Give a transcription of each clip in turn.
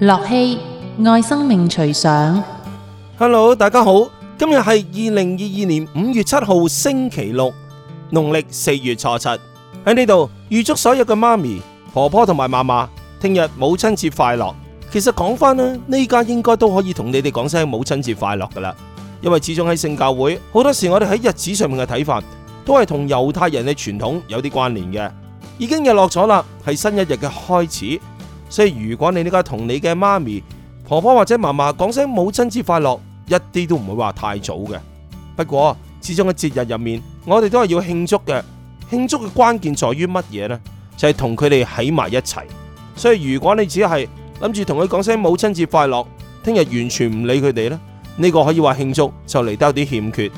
樂器愛生命隨想，Hello，大家好，今日係二零二二年五月七號星期六，農曆四月初七喺呢度，預祝所有嘅媽咪、婆婆同埋媽媽聽日母親節快樂。其實講翻呢，呢家應該都可以同你哋講聲母親節快樂噶啦，因為始終喺聖教會，好多時我哋喺日子上面嘅睇法都係同猶太人嘅傳統有啲關聯嘅。已經日落咗啦，係新一日嘅開始。所以如果你呢家同你嘅媽咪、婆婆或者嫲嫲講聲母親節快樂，一啲都唔會話太早嘅。不過，始終嘅節日入面，我哋都係要慶祝嘅。慶祝嘅關鍵在於乜嘢呢？就係同佢哋喺埋一齊。所以如果你只係諗住同佢講聲母親節快樂，聽日完全唔理佢哋呢，呢、呢個可以話慶祝就嚟得有啲欠缺。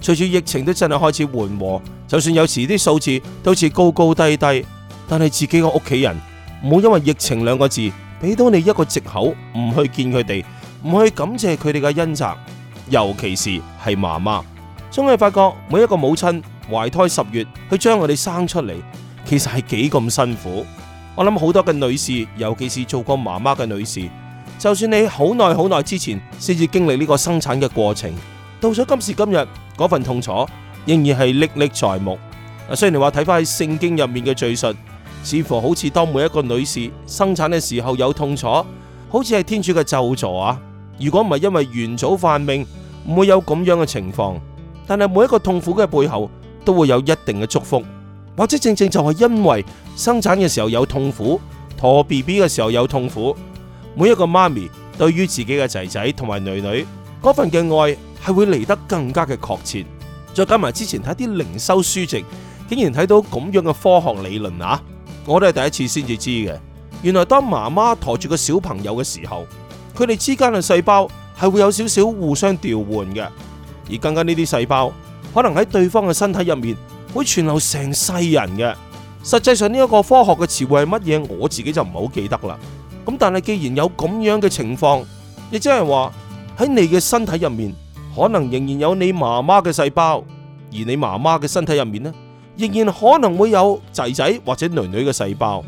隨住疫情都真係開始緩和，就算有時啲數字都好似高高低低，但係自己個屋企人。唔好因為疫情兩個字，俾到你一個借口，唔去見佢哋，唔去感謝佢哋嘅恩澤，尤其是係媽媽。終於發覺每一個母親懷胎十月，去將我哋生出嚟，其實係幾咁辛苦。我諗好多嘅女士，尤其是做過媽媽嘅女士，就算你好耐好耐之前先至經歷呢個生產嘅過程，到咗今時今日，嗰份痛楚仍然係歷歷在目。啊，雖然你話睇翻喺聖經入面嘅敘述。似乎好似當每一個女士生產嘅時候有痛楚，好似係天主嘅咒助啊！如果唔係因為元祖犯命，唔會有咁樣嘅情況。但係每一個痛苦嘅背後都會有一定嘅祝福，或者正正就係因為生產嘅時候有痛苦，陀 BB 嘅時候有痛苦，每一個媽咪對於自己嘅仔仔同埋女女嗰份嘅愛係會嚟得更加嘅確切。再加埋之前睇啲靈修書籍，竟然睇到咁樣嘅科學理論啊！我都係第一次先至知嘅，原來當媽媽馱住個小朋友嘅時候，佢哋之間嘅細胞係會有少少互相調換嘅，而更加呢啲細胞可能喺對方嘅身體入面會存留成世人嘅。實際上呢一個科學嘅詞彙係乜嘢，我自己就唔好記得啦。咁但係既然有咁樣嘅情況，亦即係話喺你嘅身體入面，可能仍然有你媽媽嘅細胞，而你媽媽嘅身體入面呢？仍然可能會有仔仔或者女女嘅細胞，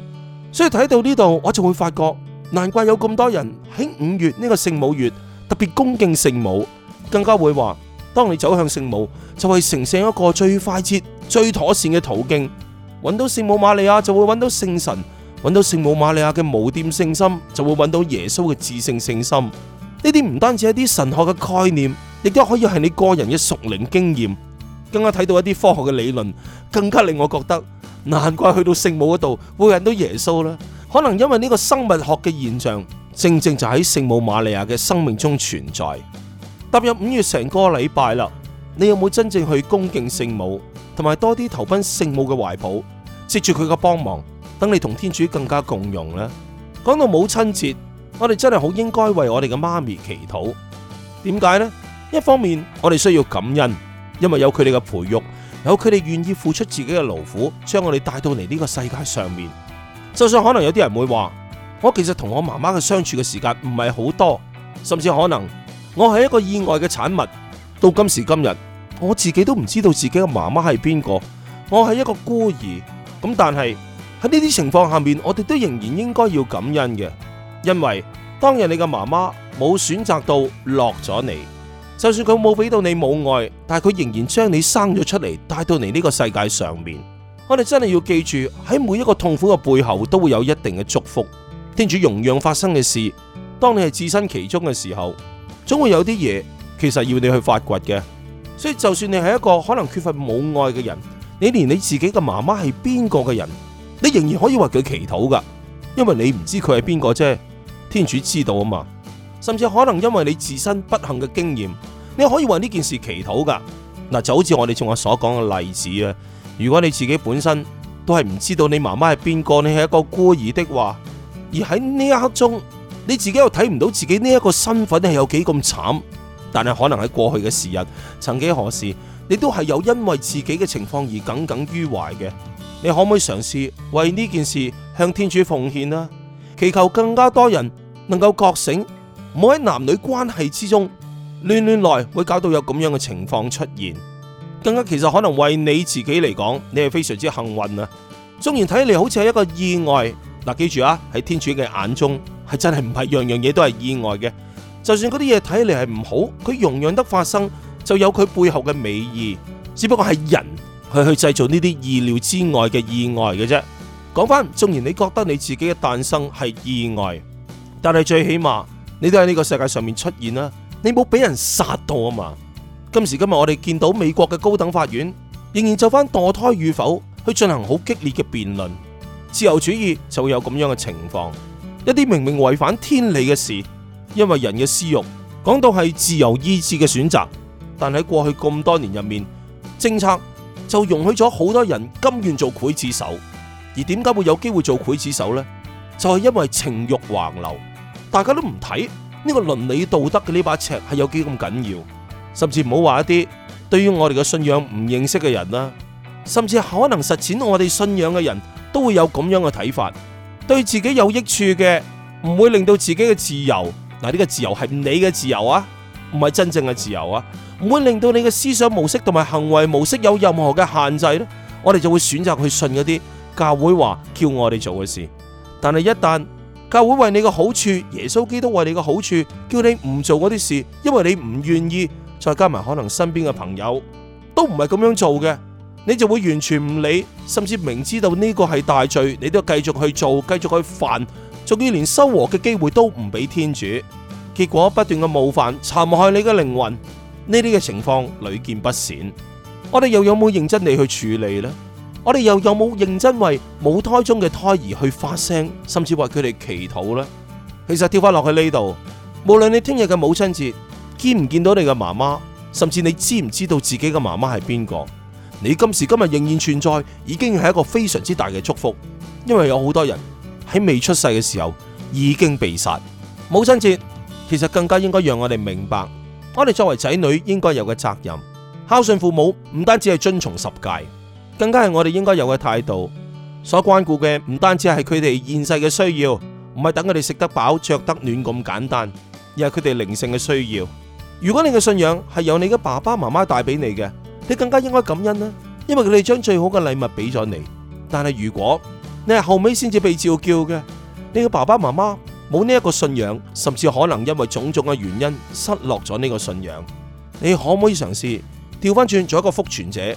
所以睇到呢度，我就會發覺，難怪有咁多人喺五月呢個聖母月特別恭敬聖母，更加會話，當你走向聖母，就係成聖一個最快捷、最妥善嘅途徑。揾到聖母瑪利亞，就會揾到聖神，揾到聖母瑪利亞嘅無玷聖心，就會揾到耶穌嘅至聖聖心。呢啲唔單止係啲神學嘅概念，亦都可以係你個人嘅屬靈經驗。更加睇到一啲科學嘅理論，更加令我覺得難怪去到聖母嗰度會見到耶穌啦。可能因為呢個生物學嘅現象，正正就喺聖母瑪利亞嘅生命中存在。踏入五月成個禮拜啦，你有冇真正去恭敬聖母，同埋多啲投奔聖母嘅懷抱，接住佢嘅幫忙，等你同天主更加共融呢？講到母親節，我哋真係好應該為我哋嘅媽咪祈禱。點解呢？一方面我哋需要感恩。因為有佢哋嘅培育，有佢哋願意付出自己嘅勞苦，將我哋帶到嚟呢個世界上面。就算可能有啲人會話，我其實同我媽媽嘅相處嘅時間唔係好多，甚至可能我係一個意外嘅產物。到今時今日，我自己都唔知道自己嘅媽媽係邊個，我係一個孤兒。咁但係喺呢啲情況下面，我哋都仍然應該要感恩嘅，因為當日你嘅媽媽冇選擇到落咗你。就算佢冇俾到你母愛，但係佢仍然將你生咗出嚟，帶到嚟呢個世界上面。我哋真係要記住喺每一個痛苦嘅背後都會有一定嘅祝福。天主容讓發生嘅事，當你係置身其中嘅時候，總會有啲嘢，其實要你去發掘嘅。所以就算你係一個可能缺乏母愛嘅人，你連你自己嘅媽媽係邊個嘅人，你仍然可以為佢祈禱噶，因為你唔知佢係邊個啫。天主知道啊嘛，甚至可能因為你自身不幸嘅經驗。你可以為呢件事祈禱噶，嗱，就好似我哋像我所講嘅例子啊。如果你自己本身都係唔知道你媽媽係邊個，你係一個孤兒的話，而喺呢一刻中，你自己又睇唔到自己呢一個身份係有幾咁慘，但係可能喺過去嘅時日，曾幾何時，你都係有因為自己嘅情況而耿耿於懷嘅。你可唔可以嘗試為呢件事向天主奉獻啊？祈求更加多人能夠覺醒，唔好喺男女關係之中，亂亂來會搞到有咁樣嘅情況出現，更加其實可能為你自己嚟講，你係非常之幸運啊！縱然睇起嚟好似係一個意外，嗱，記住啊，喺天主嘅眼中係真係唔係樣樣嘢都係意外嘅，就算嗰啲嘢睇起嚟係唔好，佢容洋得發生就有佢背後嘅美意，只不過係人去去製造呢啲意料之外嘅意外嘅啫。講翻，縱然你覺得你自己嘅誕生係意外，但係最起碼你都喺呢個世界上面出現啦。你冇俾人殺到啊嘛！今時今日，我哋見到美國嘅高等法院仍然就翻墮胎與否去進行好激烈嘅辯論，自由主義就會有咁樣嘅情況。一啲明明違反天理嘅事，因為人嘅私欲，講到係自由意志嘅選擇，但喺過去咁多年入面，政策就容許咗好多人甘願做劊子手。而點解會有機會做劊子手呢？就係、是、因為情欲橫流，大家都唔睇。呢個倫理道德嘅呢把尺係有幾咁緊要，甚至唔好話一啲對於我哋嘅信仰唔認識嘅人啦，甚至可能實踐我哋信仰嘅人都會有咁樣嘅睇法，對自己有益處嘅，唔會令到自己嘅自由。嗱、這、呢個自由係你嘅自由啊，唔係真正嘅自由啊，唔會令到你嘅思想模式同埋行為模式有任何嘅限制。呢，我哋就會選擇去信嗰啲教會話叫我哋做嘅事，但係一旦，教會為你個好處，耶穌基督為你個好處，叫你唔做嗰啲事，因為你唔願意。再加埋可能身邊嘅朋友都唔係咁樣做嘅，你就會完全唔理，甚至明知道呢個係大罪，你都繼續去做，繼續去犯，仲要連修和嘅機會都唔俾天主。結果不斷嘅冒犯、殘害你嘅靈魂，呢啲嘅情況屢見不鮮。我哋又有冇認真地去處理呢？我哋又有冇認真為母胎中嘅胎兒去發聲，甚至為佢哋祈禱呢？其實跳翻落去呢度，無論你聽日嘅母親節見唔見到你嘅媽媽，甚至你知唔知道自己嘅媽媽係邊個，你今時今日仍然存在，已經係一個非常之大嘅祝福。因為有好多人喺未出世嘅時候已經被殺。母親節其實更加應該讓我哋明白，我哋作為仔女應該有嘅責任，孝順父母唔單止係遵從十誡。更加係我哋應該有嘅態度，所關顧嘅唔單止係佢哋現世嘅需要，唔係等佢哋食得飽、着得暖咁簡單，而係佢哋靈性嘅需要。如果你嘅信仰係由你嘅爸爸媽媽帶俾你嘅，你更加應該感恩啦，因為佢哋將最好嘅禮物俾咗你。但係如果你係後尾先至被召叫嘅，你嘅爸爸媽媽冇呢一個信仰，甚至可能因為種種嘅原因失落咗呢個信仰，你可唔可以嘗試調返轉做一個復傳者？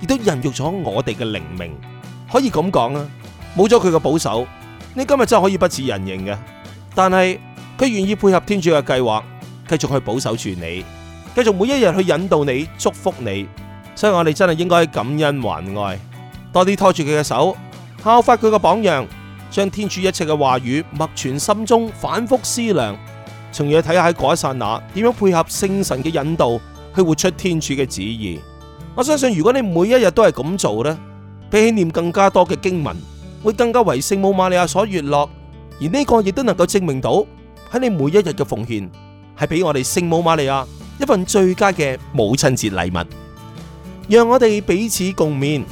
亦都孕育咗我哋嘅靈命，可以咁講啊！冇咗佢嘅保守，你今日真係可以不似人形嘅。但係佢願意配合天主嘅計劃，繼續去保守住你，繼續每一日去引導你、祝福你。所以我哋真係應該感恩還愛，多啲拖住佢嘅手，效法佢嘅榜樣，將天主一切嘅話語默存心中，反覆思量，從而睇下喺嗰一剎那點樣配合聖神嘅引導，去活出天主嘅旨意。我相信如果你每一日都係咁做咧，比起念更加多嘅經文，會更加為聖母瑪利亞所悅樂，而呢個亦都能夠證明到喺你每一日嘅奉獻，係俾我哋聖母瑪利亞一份最佳嘅母親節禮物，讓我哋彼此共勉。